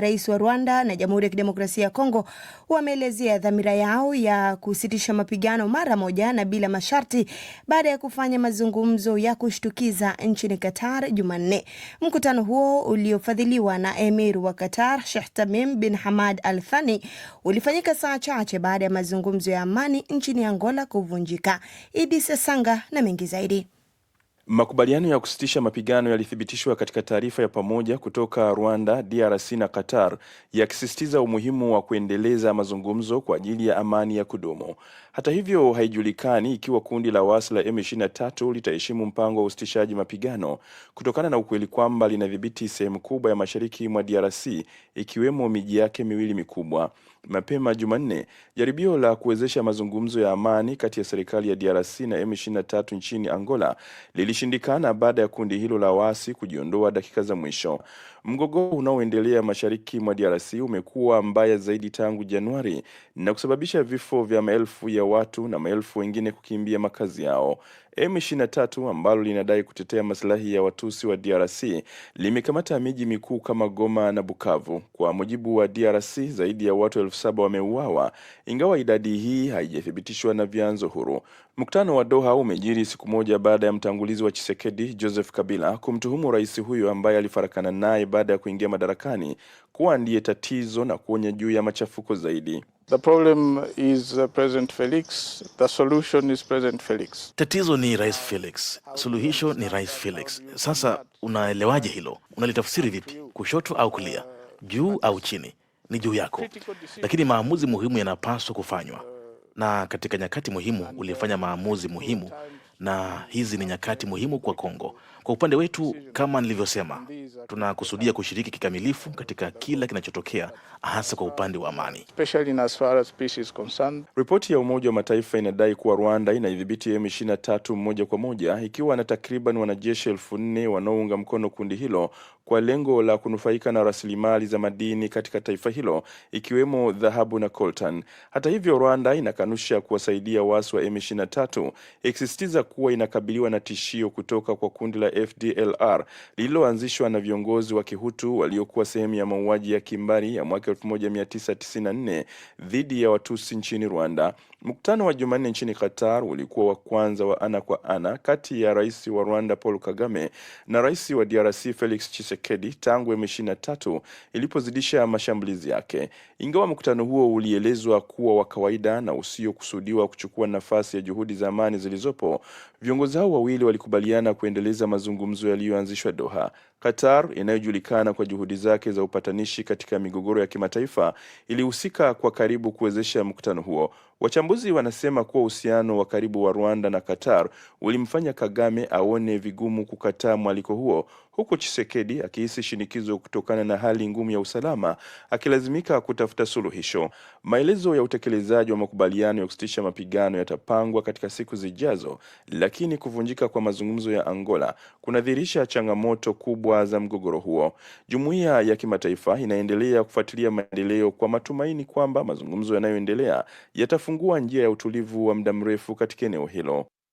Rais wa Rwanda na Jamhuri ya Kidemokrasia ya Kongo wameelezea dhamira yao ya kusitisha mapigano mara moja na bila masharti baada ya kufanya mazungumzo ya kushtukiza nchini Qatar Jumanne. Mkutano huo uliofadhiliwa na Emir wa Qatar Sheikh Tamim bin Hamad Al Thani ulifanyika saa chache baada ya mazungumzo ya amani nchini Angola kuvunjika. Idi Sasanga na mengi zaidi. Makubaliano ya kusitisha mapigano yalithibitishwa katika taarifa ya pamoja kutoka Rwanda, DRC na Qatar yakisisitiza umuhimu wa kuendeleza mazungumzo kwa ajili ya amani ya kudumu. Hata hivyo, haijulikani ikiwa kundi la waasi la M23 litaheshimu mpango wa usitishaji mapigano kutokana na ukweli kwamba linadhibiti sehemu kubwa ya mashariki mwa DRC ikiwemo miji yake miwili mikubwa. Mapema Jumanne, jaribio la kuwezesha mazungumzo ya amani kati ya serikali ya DRC na M23 nchini Angola lili ilishindikana baada ya kundi hilo la waasi kujiondoa dakika za mwisho. Mgogoro unaoendelea mashariki mwa DRC umekuwa mbaya zaidi tangu Januari na kusababisha vifo vya maelfu ya watu na maelfu wengine kukimbia makazi yao. M23 ambalo linadai kutetea maslahi ya Watusi wa DRC limekamata miji mikuu kama Goma na Bukavu. Kwa mujibu wa DRC, zaidi ya watu elfu saba wameuawa, ingawa idadi hii haijathibitishwa na vyanzo huru. Mkutano wa Doha umejiri siku moja baada ya mtangulizi wa Chisekedi Joseph Kabila kumtuhumu rais huyo ambaye alifarakana naye baada ya kuingia madarakani kuwa ndiye tatizo na kuonya juu ya machafuko zaidi. The problem is uh, President Felix. The solution is President Felix. Tatizo ni Rais Felix, suluhisho ni Rais Felix. Sasa unaelewaje hilo? Unalitafsiri vipi? Kushoto au kulia, juu au chini, ni juu yako, lakini maamuzi muhimu yanapaswa kufanywa, na katika nyakati muhimu ulifanya maamuzi muhimu na hizi ni nyakati muhimu kwa Kongo. Kwa upande wetu, kama nilivyosema, tunakusudia kushiriki kikamilifu katika kila kinachotokea, hasa kwa upande wa amani. Ripoti ya Umoja wa Mataifa inadai kuwa Rwanda inaidhibiti M23 moja kwa moja, ikiwa na takriban wanajeshi elfu nne wanaounga mkono kundi hilo kwa lengo la kunufaika na rasilimali za madini katika taifa hilo ikiwemo dhahabu na coltan. Hata hivyo, Rwanda inakanusha kuwasaidia waasi wa M23 ikisisitiza kuwa inakabiliwa na tishio kutoka kwa kundi la FDLR lililoanzishwa na viongozi wa Kihutu waliokuwa sehemu ya mauaji ya kimbari ya mwaka 1994 dhidi ya Watusi nchini Rwanda Mkutano wa Jumanne nchini Qatar ulikuwa wa kwanza wa ana kwa ana kati ya rais wa Rwanda Paul Kagame na rais wa DRC Felix Tshisekedi tangu M23 ilipozidisha mashambulizi yake. Ingawa mkutano huo ulielezwa kuwa wa kawaida na usiokusudiwa kuchukua nafasi ya juhudi za amani zilizopo, viongozi hao wawili walikubaliana kuendeleza mazungumzo yaliyoanzishwa Doha. Qatar inayojulikana kwa juhudi zake za upatanishi katika migogoro ya kimataifa ilihusika kwa karibu kuwezesha mkutano huo. Wachambuzi Wachambuzi wanasema kuwa uhusiano wa karibu wa Rwanda na Qatar ulimfanya Kagame aone vigumu kukataa mwaliko huo huku Chisekedi akihisi shinikizo kutokana na hali ngumu ya usalama akilazimika kutafuta suluhisho. Maelezo ya utekelezaji wa makubaliano ya kusitisha mapigano yatapangwa katika siku zijazo, lakini kuvunjika kwa mazungumzo ya Angola kunadhihirisha changamoto kubwa za mgogoro huo. Jumuiya ya kimataifa inaendelea kufuatilia maendeleo kwa matumaini kwamba mazungumzo yanayoendelea yatafungua njia ya utulivu wa muda mrefu katika eneo hilo.